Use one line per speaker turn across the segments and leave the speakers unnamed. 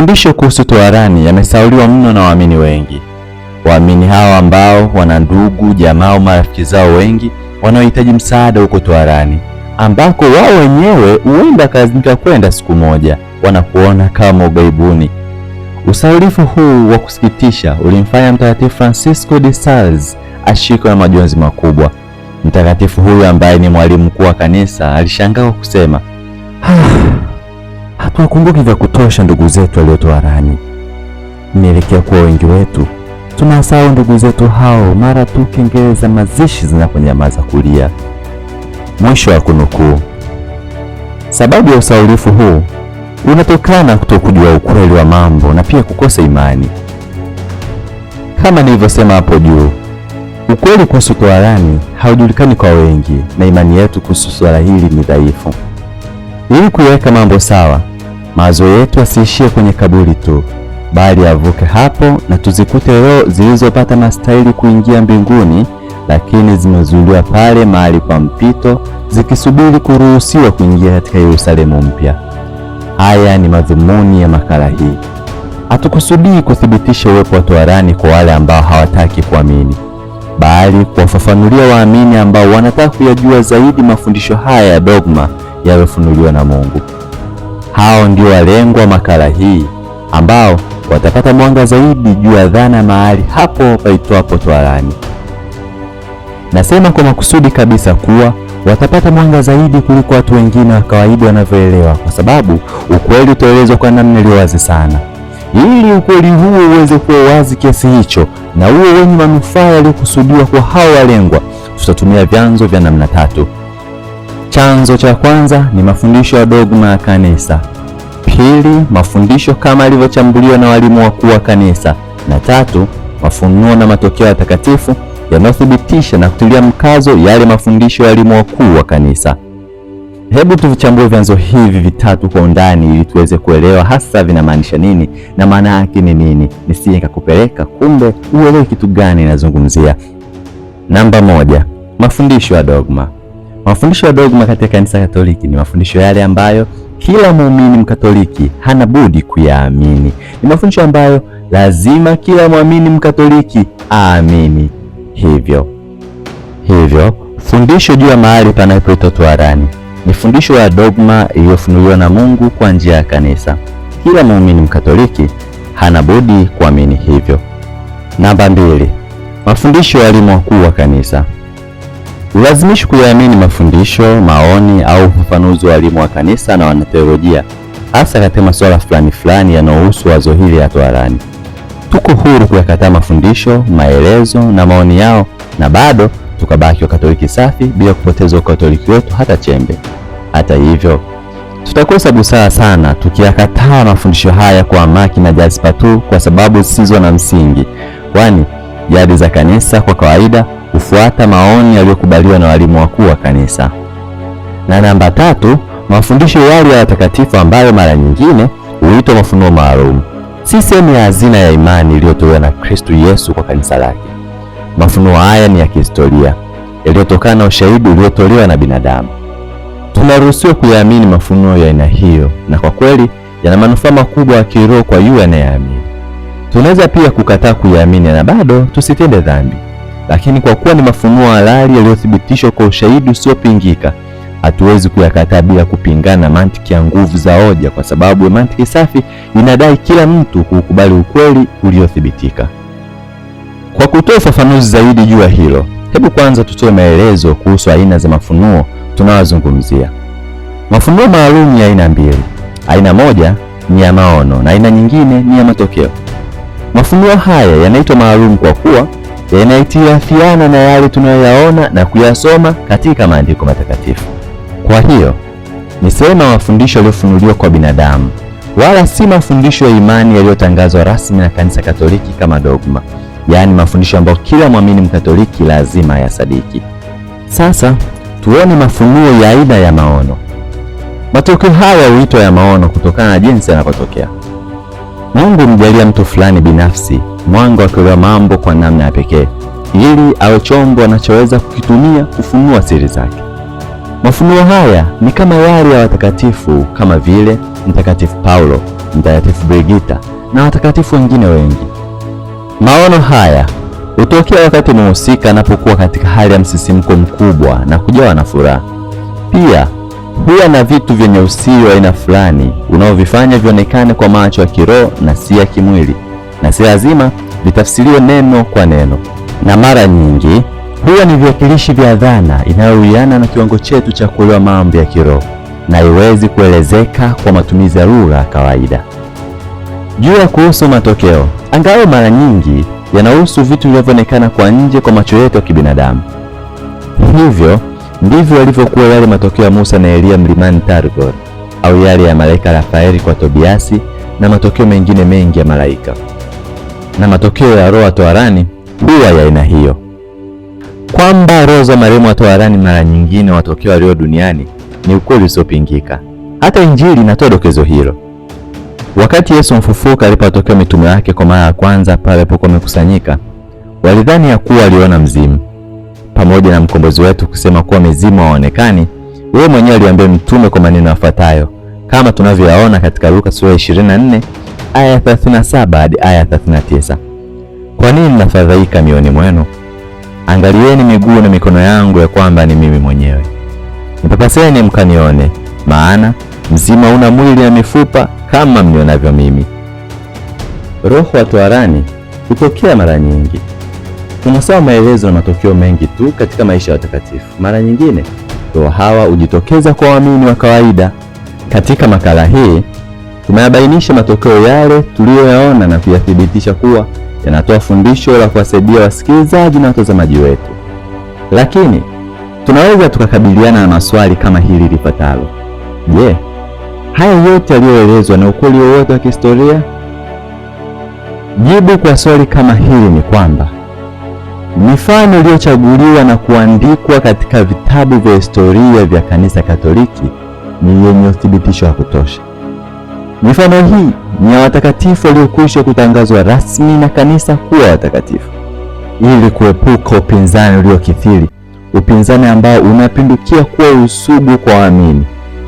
Mafundisho kuhusu toharani yamesauliwa mno na waamini wengi. Waamini hao ambao wana ndugu, jamaa au marafiki zao wengi wanaohitaji msaada huko toharani, ambako wao wenyewe huenda wakalazimika kwenda siku moja, wanakuona kama ugaibuni. Usaulifu huu wa kusikitisha ulimfanya Mtakatifu Francisco de Sales ashikwe na majonzi makubwa. Mtakatifu huyu ambaye ni mwalimu mkuu wa kanisa alishangaa kwa kusema ah, Hatuwakumbuki vya kutosha ndugu zetu waliotoa rani. Inaelekea kuwa wengi wetu tunasahau ndugu zetu hao mara tu kengele za mazishi zinaponyamaza kulia. Mwisho wa kunukuu. Sababu ya usahaulifu huu unatokana kutokujua ukweli wa mambo na pia kukosa imani. Kama nilivyosema hapo juu, ukweli kuhusu toharani haujulikani kwa wengi na imani yetu kuhusu suala hili ni dhaifu. Ili kuweka mambo sawa mawazo yetu asiishie kwenye kaburi tu, bali avuke hapo na tuzikute roho zilizopata mastahili kuingia mbinguni, lakini zimezuiliwa pale mahali kwa mpito, zikisubiri kuruhusiwa kuingia katika Yerusalemu mpya. Haya ni madhumuni ya makala hii. Hatukusudii kuthibitisha uwepo wa toharani kwa wale ambao hawataki kuamini, bali kuwafafanulia waamini ambao wanataka kuyajua zaidi mafundisho haya ya dogma yaliyofunuliwa na Mungu. Hao ndio walengwa makala hii ambao watapata mwanga zaidi juu ya dhana mahali hapo paitwapo Twarani. Nasema kwa makusudi kabisa kuwa watapata mwanga zaidi kuliko watu wengine wa kawaida wanavyoelewa, kwa sababu ukweli utaelezwa kwa namna iliyo wazi sana. Ili ukweli huo uweze kuwa wazi kiasi hicho na uwe wenye manufaa yaliyokusudiwa kwa hao walengwa, tutatumia vyanzo vya namna tatu. Chanzo cha kwanza ni mafundisho ya dogma ya kanisa. Pili, mafundisho kama yalivyochambuliwa na walimu wakuu wa kanisa, na tatu, mafunuo na matokeo ya takatifu yanayothibitisha na kutilia mkazo yale mafundisho ya walimu wakuu wa kanisa. Hebu tuvichambue vyanzo hivi vitatu kwa undani ili tuweze kuelewa hasa vinamaanisha nini na maana yake ni nini, nisije nikakupeleka kumbe uelewe kitu gani inazungumzia. Namba moja, mafundisho ya dogma. Mafundisho ya dogma katika kanisa Katoliki ni mafundisho yale ambayo kila muumini Mkatoliki hana budi kuyaamini. Ni mafundisho ambayo lazima kila muumini Mkatoliki aamini. Hivyo hivyo fundisho juu ya mahali panapoitwa toharani ni fundisho la dogma iliyofunuliwa na Mungu kwa njia ya kanisa. Kila muumini Mkatoliki hana budi kuamini hivyo. Namba mbili, mafundisho ya walimu wakuu wa kanisa. Ulazimishi kuyaamini mafundisho, maoni au ufafanuzi wa walimu wa kanisa na wanatheolojia, hasa katika masuala fulani fulani yanayohusu wazo hili ya toharani. Tuko huru kuyakataa mafundisho, maelezo na maoni yao, na bado tukabaki Wakatoliki safi bila kupoteza ukatoliki wetu hata chembe. Hata hivyo, tutakosa busara sana tukiyakataa mafundisho haya kwa amaki na jazipa tu kwa sababu zisizo na msingi, kwani jadi za kanisa kwa kawaida kufuata maoni yaliyokubaliwa na walimu wakuu wa kanisa. Na namba tatu, mafundisho yale ya watakatifu ambayo mara nyingine huitwa mafunuo maalum, si sehemu ya hazina ya imani iliyotolewa na Kristo Yesu kwa kanisa lake. Mafunuo haya ni ya kihistoria yaliyotokana na ushahidi uliotolewa na binadamu. Tunaruhusiwa kuyaamini mafunuo ya aina hiyo, na kwa kweli yana manufaa makubwa ya kiroho kwa yule anayeamini. Tunaweza pia kukataa kuyaamini na bado tusitende dhambi lakini kwa kuwa ni mafunuo halali yaliyothibitishwa kwa ushahidi usiopingika, hatuwezi kuyakataa bila kupingana mantiki ya nguvu za hoja, kwa sababu mantiki safi inadai kila mtu kuukubali ukweli uliothibitika. Kwa kutoa ufafanuzi zaidi juu ya hilo, hebu kwanza tutoe maelezo kuhusu aina za mafunuo tunayozungumzia. Mafunuo maalum ya aina mbili. Aina moja ni ya maono na aina nyingine ni ya matokeo. Mafunuo haya yanaitwa maalum kwa kuwa yanayetiafiana na yale tunayoyaona na kuyasoma katika maandiko matakatifu. Kwa hiyo ni sehemu ya mafundisho yaliyofunuliwa kwa binadamu, wala si mafundisho ya imani yaliyotangazwa rasmi na Kanisa Katoliki kama dogma, yaani mafundisho ambayo kila mwamini Mkatoliki lazima yasadiki. Sasa tuone mafunuo ya aina ya maono. Matokeo haya huitwa ya maono kutokana na jinsi yanapotokea. Mungu mjalia mtu fulani binafsi mwanga wa kuelewa mambo kwa namna ya pekee, ili awe chombo anachoweza kukitumia kufunua siri zake. Mafunuo haya ni kama yale ya watakatifu kama vile Mtakatifu Paulo, Mtakatifu Brigita na watakatifu wengine wengi. Maono haya hutokea wakati mhusika anapokuwa katika hali ya msisimko mkubwa na kujawa na furaha. Pia huwa na vitu vyenye usiri wa aina fulani unaovifanya vionekane kwa macho ya kiroho na si ya kimwili na si lazima litafsiriwe neno kwa neno, na mara nyingi huwa ni viwakilishi vya dhana inayowiana na kiwango chetu cha kuelewa mambo ya kiroho na iwezi kuelezeka kwa matumizi ya lugha ya kawaida. Juu ya kuhusu matokeo, angalau mara nyingi yanahusu vitu vinavyoonekana kwa nje kwa macho yetu ya kibinadamu. Hivyo ndivyo yalivyokuwa yale matokeo ya Musa na Eliya mlimani Tabor, au yale ya malaika Rafaeli kwa Tobiasi na matokeo mengine mengi ya malaika na matokeo ya roho wa toharani huwa ya aina hiyo, kwamba roho za marehemu wa toharani mara nyingine watokeo walio duniani ni ukweli usiopingika. Hata Injili inatoa dokezo hilo. Wakati Yesu mfufuka alipotokea mitume wake kwa mara ya kwanza pale alipokuwa amekusanyika walidhani ya kuwa aliona mzimu. Pamoja na mkombozi wetu kusema kuwa mizimu hawaonekani, yeye mwenyewe aliambia mtume kwa maneno yafuatayo, kama tunavyoyaona katika Luka sura 24 aya 37 hadi aya 39. Kwa nini nafadhaika mioni mwenu? Angalieni miguu na mikono yangu ya kwamba ni mimi mwenyewe. Nipapaseni mkanione, maana mzima una mwili na mifupa kama mnionavyo mimi. Roho wa toharani hutokea mara nyingi. Tunasoma maelezo na matokeo mengi tu katika maisha ya watakatifu. Mara nyingine roho hawa hujitokeza kwa waamini wa kawaida. Katika makala hii tumeyabainisha matokeo yale tuliyoyaona na kuyathibitisha kuwa yanatoa fundisho la kuwasaidia wasikilizaji na watazamaji wetu. Lakini tunaweza tukakabiliana na maswali kama hili lifuatalo: Je, haya yote yaliyoelezwa na ukweli wowote wa kihistoria? Jibu kwa swali kama hili ni kwamba mifano iliyochaguliwa na kuandikwa katika vitabu vya historia vya Kanisa Katoliki ni yenye uthibitisho wa kutosha. Mifano hii ni ya watakatifu waliokwisha kutangazwa rasmi na kanisa kuwa watakatifu ili kuepuka upinzani uliokithiri, upinzani ambao unapindukia kuwa usugu kwa waamini.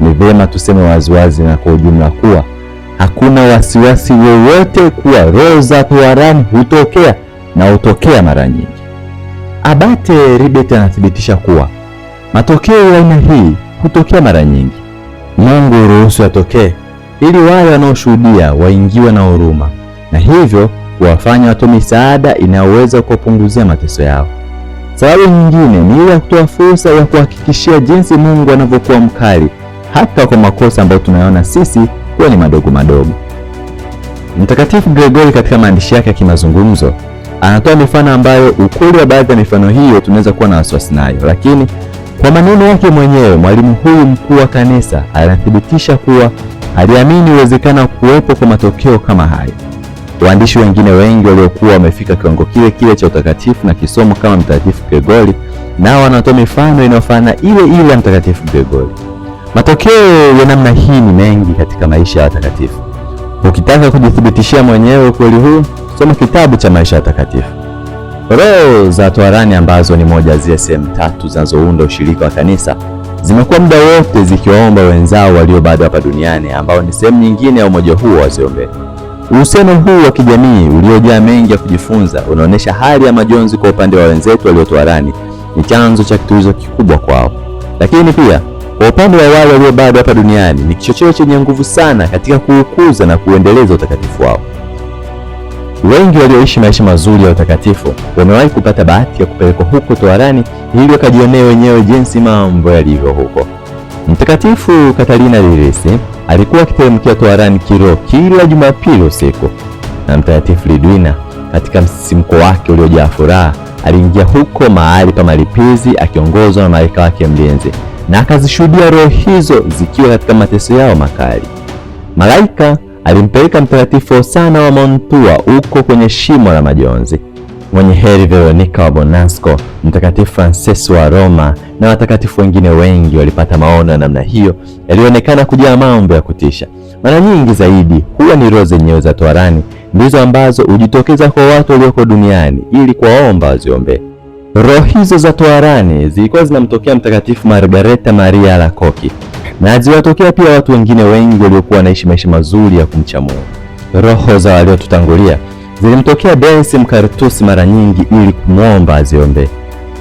Ni vyema tuseme waziwazi na kwa ujumla kuwa hakuna wasiwasi wowote kuwa roho za toharani hutokea na hutokea mara nyingi. Abate Ribet anathibitisha kuwa matokeo ya aina hii hutokea mara nyingi. Mungu ruhusu yatokee ili wale wanaoshuhudia waingiwe na huruma na hivyo kuwafanya watoe misaada inayoweza kuwapunguzia mateso yao. Sababu nyingine ni ile ya kutoa fursa ya kuhakikishia jinsi Mungu anavyokuwa mkali hata kwa makosa ambayo tunayaona sisi kuwa ni madogo madogo. Mtakatifu Gregori katika maandishi yake ya kimazungumzo anatoa mifano ambayo ukweli wa baadhi ya mifano hiyo tunaweza kuwa na wasiwasi nayo, lakini kwa maneno yake mwenyewe mwalimu huyu mkuu wa kanisa anathibitisha kuwa aliamini uwezekana kuwepo kwa matokeo kama hayo. Waandishi wengine wengi waliokuwa wamefika kiwango kile kile cha utakatifu na kisomo kama Mtakatifu Gregori nao wanatoa mifano inayofanana ile ile ya Mtakatifu Gregori. Matokeo ya namna hii ni mengi katika maisha ya watakatifu. Ukitaka kujithibitishia mwenyewe ukweli huu, soma kitabu cha maisha ya watakatifu. Roho za toharani ambazo ni moja zile sehemu tatu zinazounda ushirika wa kanisa zimekuwa muda wote zikiwaomba wenzao walio bado hapa duniani ambao ni sehemu nyingine ya umoja huo wasiombee. Uhusiano huu wa kijamii uliojaa mengi ya kujifunza unaonyesha hali ya majonzi kwa upande wa wenzetu waliotoharani ni chanzo cha kitulizo kikubwa kwao, lakini pia kwa upande wa wale walio bado hapa duniani ni kichocheo chenye nguvu sana katika kuukuza na kuendeleza utakatifu wao. Wengi walioishi maisha mazuri ya utakatifu wamewahi kupata bahati ya kupelekwa huko toharani ili wakajionee wenyewe jinsi mambo yalivyo huko. Mtakatifu Katarina Lilisi alikuwa akiteremkia toharani kiroho kila Jumapili usiku, na Mtakatifu Lidwina katika msisimko wake uliojaa furaha aliingia huko mahali pa malipizi akiongozwa na malaika wake mlinzi, na akazishuhudia roho hizo zikiwa katika mateso yao makali. Malaika alimpeleka Mtakatifu Hosana wa Mantua huko kwenye shimo la majonzi. Mwenye heri Veronika wa Bonasco, Mtakatifu Francesco wa Roma na watakatifu wengine wengi walipata maono ya namna hiyo yaliyoonekana kujaa mambo ya kutisha. Mara nyingi zaidi huwa ni roho zenyewe za toharani ndizo ambazo hujitokeza kwa watu walioko duniani ili kuwaomba waziombee. Roho hizo za toharani zilikuwa zinamtokea Mtakatifu Margareta Maria Alakoki na ziwatokea pia watu wengine wengi waliokuwa wanaishi maisha mazuri ya kumcha Mungu. Roho za waliotutangulia zilimtokea Densi Mkartusi mara nyingi ili kumwomba aziombee.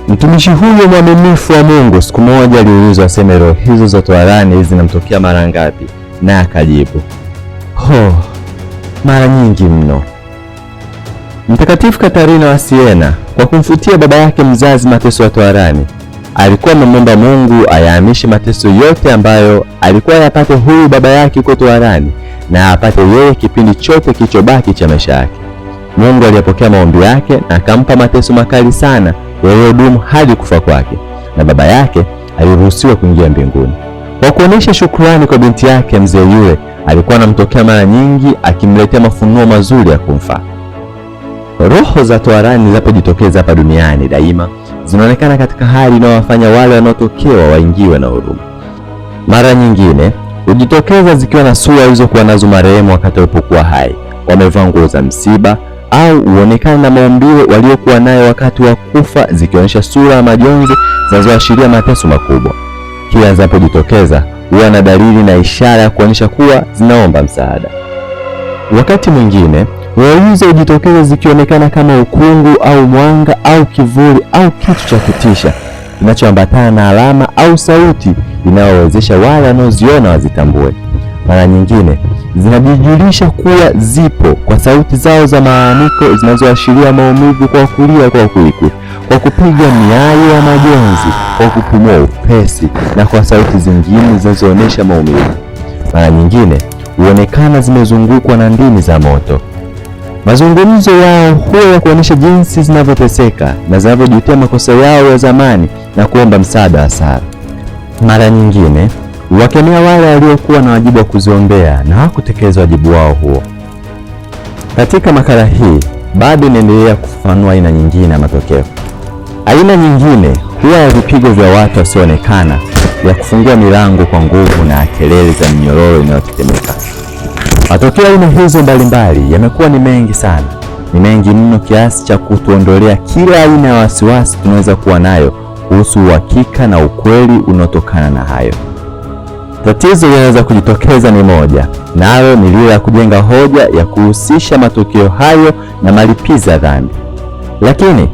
Mtumishi huyo mwaminifu wa Mungu siku moja aliulizwa aseme roho hizo za toharani zinamtokea mara ngapi, na akajibu ho, mara nyingi mno. Mtakatifu Katarina wa Siena kwa kumfutia baba yake mzazi mateso ya toharani alikuwa amemwomba Mungu ayahamishe mateso yote ambayo alikuwa yapate huyu baba yake huko toharani na apate yeye kipindi chote kilichobaki cha maisha yake. Mungu aliyapokea maombi yake na akampa mateso makali sana yaliyodumu hadi kufa kwake, na baba yake aliruhusiwa kuingia mbinguni. Kwa kuonyesha shukrani kwa binti yake, mzee yule alikuwa anamtokea mara nyingi akimletea mafunuo mazuri ya kumfaa. Roho za toharani zinapojitokeza hapa duniani daima zinaonekana katika hali inayowafanya wale wanaotokewa waingiwe na huruma. Mara nyingine hujitokeza zikiwa na sura alizokuwa nazo marehemu wakati walipokuwa hai, wamevaa nguo za msiba au huonekana na maumbile waliokuwa nayo wakati wa kufa, zikionyesha sura ya majonzi zinazoashiria mateso makubwa. Kila zinapojitokeza huwa na dalili na ishara ya kuonyesha kuwa zinaomba msaada. Wakati mwingine hizo hujitokeza zikionekana kama ukungu au mwanga au kivuli au kitu cha kutisha kinachoambatana na alama au sauti inayowezesha wale wanaoziona wazitambue. Mara nyingine zinajijulisha kuwa zipo kwa sauti zao za malalamiko zinazoashiria maumivu, kwa kulia kwa kwikwi, kwa kupiga miayo ya majonzi, kwa kupumua upesi na kwa sauti zingine zinazoonyesha maumivu. Mara nyingine huonekana zimezungukwa na ndimi za moto. Mazungumzo yao huwa ya kuonyesha jinsi zinavyoteseka na zinavyojutia makosa yao ya zamani na kuomba msaada wa Sara. Mara nyingine wakemea wale waliokuwa na wajibu wa kuziombea na hawakutekeleza wajibu wao huo. Katika makala hii bado inaendelea kufafanua aina nyingine ya matokeo. Aina nyingine huwa ya vipigo vya watu wasioonekana, ya kufungua milango kwa nguvu na kelele za minyororo inayotetemeka. Matokeo aina hizo mbalimbali yamekuwa ni mengi sana, ni mengi mno kiasi cha kutuondolea kila aina ya wasiwasi tunaweza kuwa nayo kuhusu uhakika na ukweli unaotokana na hayo. Tatizo linaweza kujitokeza ni moja, nayo ni lile la kujenga hoja ya kuhusisha matokeo hayo na malipizi ya dhambi. Lakini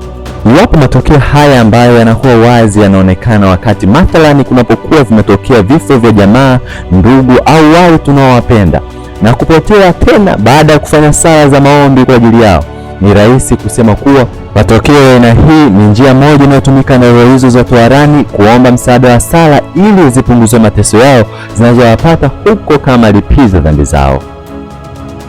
iwapo matokeo haya ambayo yanakuwa wazi yanaonekana wakati mathalani kunapokuwa vimetokea vifo vya jamaa, ndugu au wale tunaowapenda na kupotea tena baada ya kufanya sala za maombi kwa ajili yao. Ni rahisi kusema kuwa matokeo ya aina hii ni njia moja inayotumika na roho hizo za toharani kuomba msaada wa sala ili zipunguze mateso yao zinazowapata huko kama lipiza dhambi zao.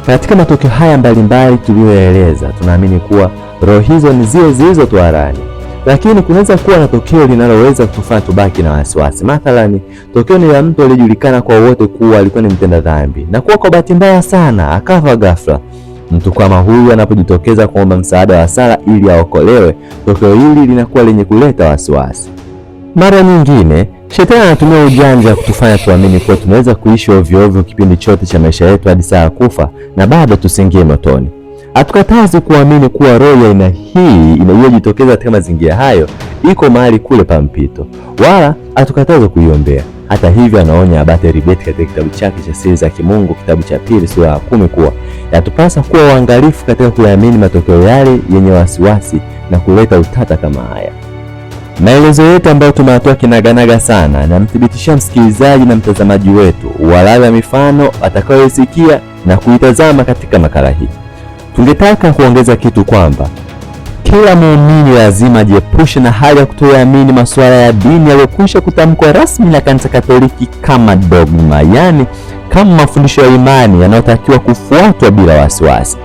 Katika matokeo haya mbalimbali tuliyoeleza, tunaamini kuwa roho hizo ni zile zilizo toharani lakini kunaweza kuwa na tokeo linaloweza kutufanya tubaki na wasiwasi. Mathalani, tokeo ni la mtu aliyejulikana kwa wote kuwa alikuwa ni mtenda dhambi na kuwa kwa bahati mbaya sana akafa ghafla. Mtu kama huyu anapojitokeza kuomba msaada wa sala ili aokolewe, tokeo hili linakuwa lenye kuleta wasiwasi. Mara nyingine shetani anatumia ujanja wa kutufanya tuamini kuwa tunaweza kuishi ovyo ovyo kipindi chote cha maisha yetu hadi saa ya kufa na bado tusingie motoni. Hatukatazi kuamini kuwa roho ya aina hii inayojitokeza katika mazingira hayo iko mahali kule pa mpito, wala hatukatazi kuiombea. Hata hivyo, anaonya Abate Ribet katika kitabu chake cha Siri za Kimungu, kitabu cha pili sura ya kumi kuwa yatupasa kuwa uangalifu katika kuyaamini matokeo yale yenye wasiwasi na kuleta utata kama haya. Maelezo yetu ambayo tumeyatoa kinaganaga sana, namthibitishia msikilizaji na mtazamaji wetu uhalali wa mifano atakayoisikia na kuitazama katika makala hii. Ningetaka kuongeza kitu kwamba kila muumini lazima ajiepushe na hali ya kutoyaamini masuala ya dini yaliyokwisha kutamkwa rasmi na Kanisa Katoliki kama dogma, yaani kama mafundisho ya imani yanayotakiwa kufuatwa bila wasiwasi.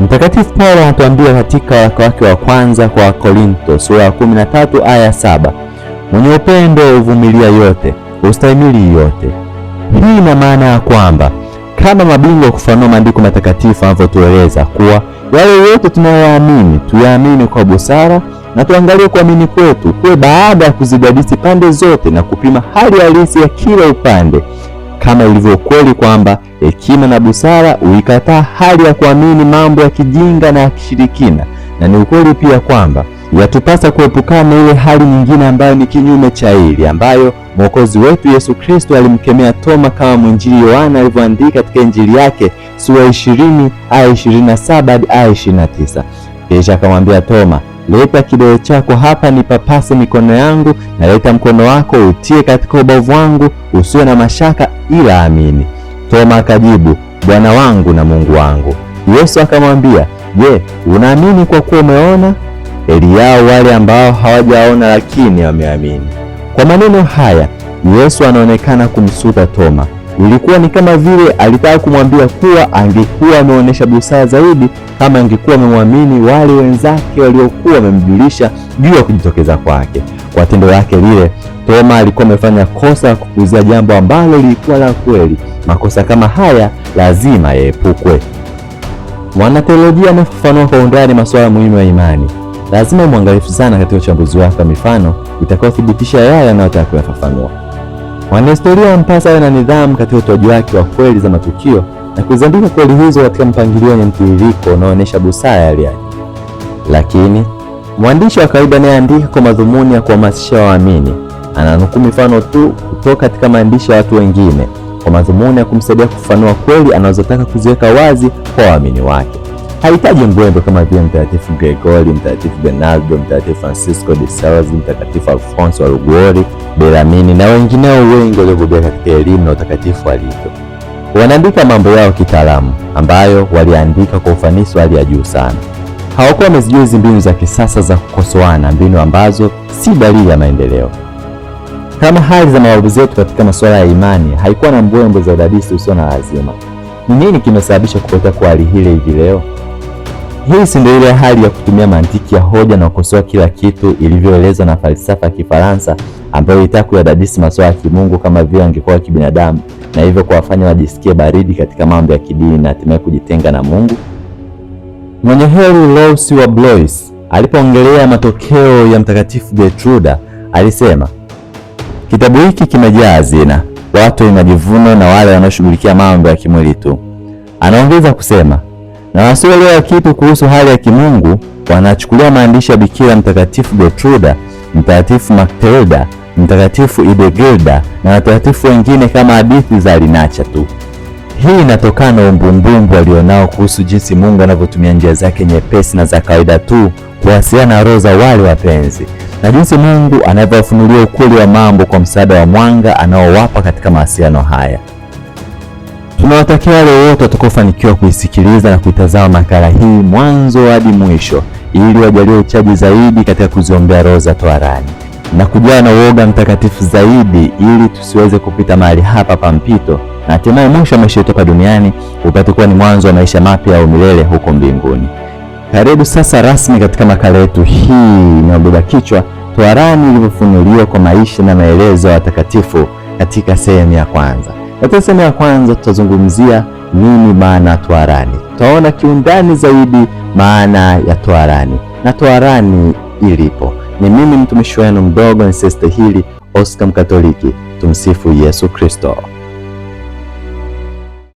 Mtakatifu Paulo anatuambia katika waraka wake wa kwanza kwa korinto sura ya 13 aya 7, mwenye upendo huvumilia yote, ustahimili yote. Hii ina maana ya kwamba kama mabingwa kufanua maandiko matakatifu yanavyotueleza kuwa yale yote tunayoamini tuyaamini kwa busara na tuangalie kuamini kwetu kuwe baada ya kuzidadisi pande zote na kupima hali halisi ya kila upande, kama ilivyo kweli kwamba hekima na busara huikataa hali ya kuamini mambo ya kijinga na ya kishirikina, na ni ukweli pia kwamba yatupasa kuepukana na ile hali nyingine ambayo ni kinyume cha ili ambayo Mwokozi wetu Yesu Kristo alimkemea Toma kama mwinjili Yohana alivyoandika katika Injili yake sura 20 aya 27 hadi aya 29. Kisha akamwambia Toma, leta kidole chako hapa nipapase mikono yangu, na leta mkono wako utie katika ubavu wangu, usiwe na mashaka, ila amini. Toma akajibu, Bwana wangu na Mungu wangu. Yesu akamwambia, Je, unaamini kwa kuwa umeona? heri yao wale ambao hawajaona lakini wameamini. Kwa maneno haya Yesu anaonekana kumsuta Toma. Ilikuwa ni kama vile alitaka kumwambia kuwa angekuwa ameonyesha busara zaidi kama angekuwa amemwamini wale wenzake waliokuwa wamemjulisha juu ya kujitokeza kwake. Kwa tendo lake lile, Toma alikuwa amefanya kosa la kupuuzia jambo ambalo lilikuwa la kweli. Makosa kama haya lazima yaepukwe. Mwanateolojia anafafanua kwa undani masuala muhimu ya imani. Lazima umwangalifu sana katika uchambuzi wako wa mifano itakaothibitisha yale anayotaka kuyafafanua. Mwanahistoria mpasa awe na nidhamu katika utoaji wake wa kweli za matukio na kuziandika kweli hizo katika mpangilio wenye mtiririko unaoonyesha busara ya hali yake. Lakini mwandishi wa kawaida anayeandika kwa madhumuni ya kuhamasisha waamini ananukuu mifano tu kutoka katika maandishi ya watu wengine kwa madhumuni ya kumsaidia kufafanua kweli anazotaka kuziweka wazi kwa waamini wake hahitaji mbwembwe kama vile Mtakatifu Gregori, Mtakatifu Bernardo, Mtakatifu Francisco de Sales, Mtakatifu Alfonso wa Liguori, Beramini na wengineo wengi waliobobea katika elimu na utakatifu wa Wanaandika mambo yao kitaalamu ambayo waliandika kwa ufanisi wa hali ya juu sana. Hawakuwa wamezijua hizi mbinu za kisasa za kukosoana, mbinu ambazo si dalili ya maendeleo. Kama hali za mababu zetu katika masuala ya imani, haikuwa na mbwembwe za udadisi usio na lazima. Ni nini kimesababisha kupotea kwa hali hile hivi leo? Hii si ndio ile hali ya kutumia mantiki ya hoja na kukosoa kila kitu ilivyoelezwa na falsafa ya Kifaransa ambayo ilitaka kuyadadisi masuala ya kimungu kama vile angekuwa wa kibinadamu na hivyo kuwafanya wajisikie baridi katika mambo ya kidini na hatimaye kujitenga na Mungu. Mwenye heri Louis wa Blois alipoongelea matokeo ya Mtakatifu Gertruda alisema, kitabu hiki kimejaa hazina, watu wenye majivuno na wale wanaoshughulikia mambo ya kimwili tu. Anaongeza kusema na wasioelewa kitu kuhusu hali ya kimungu wanachukulia maandishi ya Bikira Mtakatifu Gertruda, Mtakatifu Matilda, Mtakatifu Idegilda na watakatifu wengine kama hadithi za linacha tu. Hii inatokana na umbumbumbu walionao kuhusu jinsi Mungu anavyotumia njia zake nyepesi na za kawaida tu kuwasiliana na roho za wale wapenzi na jinsi Mungu anavyofunulia ukweli wa mambo kwa msaada wa mwanga anaowapa katika mawasiliano haya. Tunawatakia wale wote watakaofanikiwa kuisikiliza na kuitazama makala hii mwanzo hadi mwisho, ili wajaliwe uchaji zaidi katika kuziombea roho za toharani na kujaa na uoga mtakatifu zaidi, ili tusiweze kupita mahali hapa pa mpito na hatimaye mwisho wa maisha yetu hapa duniani upate kuwa ni mwanzo wa maisha mapya au milele huko mbinguni. Karibu sasa rasmi katika makala yetu hii inayobeba kichwa Toharani ilivyofunuliwa kwa maisha na maelezo ya watakatifu katika sehemu ya kwanza. Katika sehemu ya kwanza tutazungumzia nini maana ya toharani. Tutaona kiundani zaidi maana ya toharani na toharani ilipo. Ni mimi mtumishi wenu mdogo, ni Sister hili Oscar Mkatoliki. Tumsifu Yesu Kristo.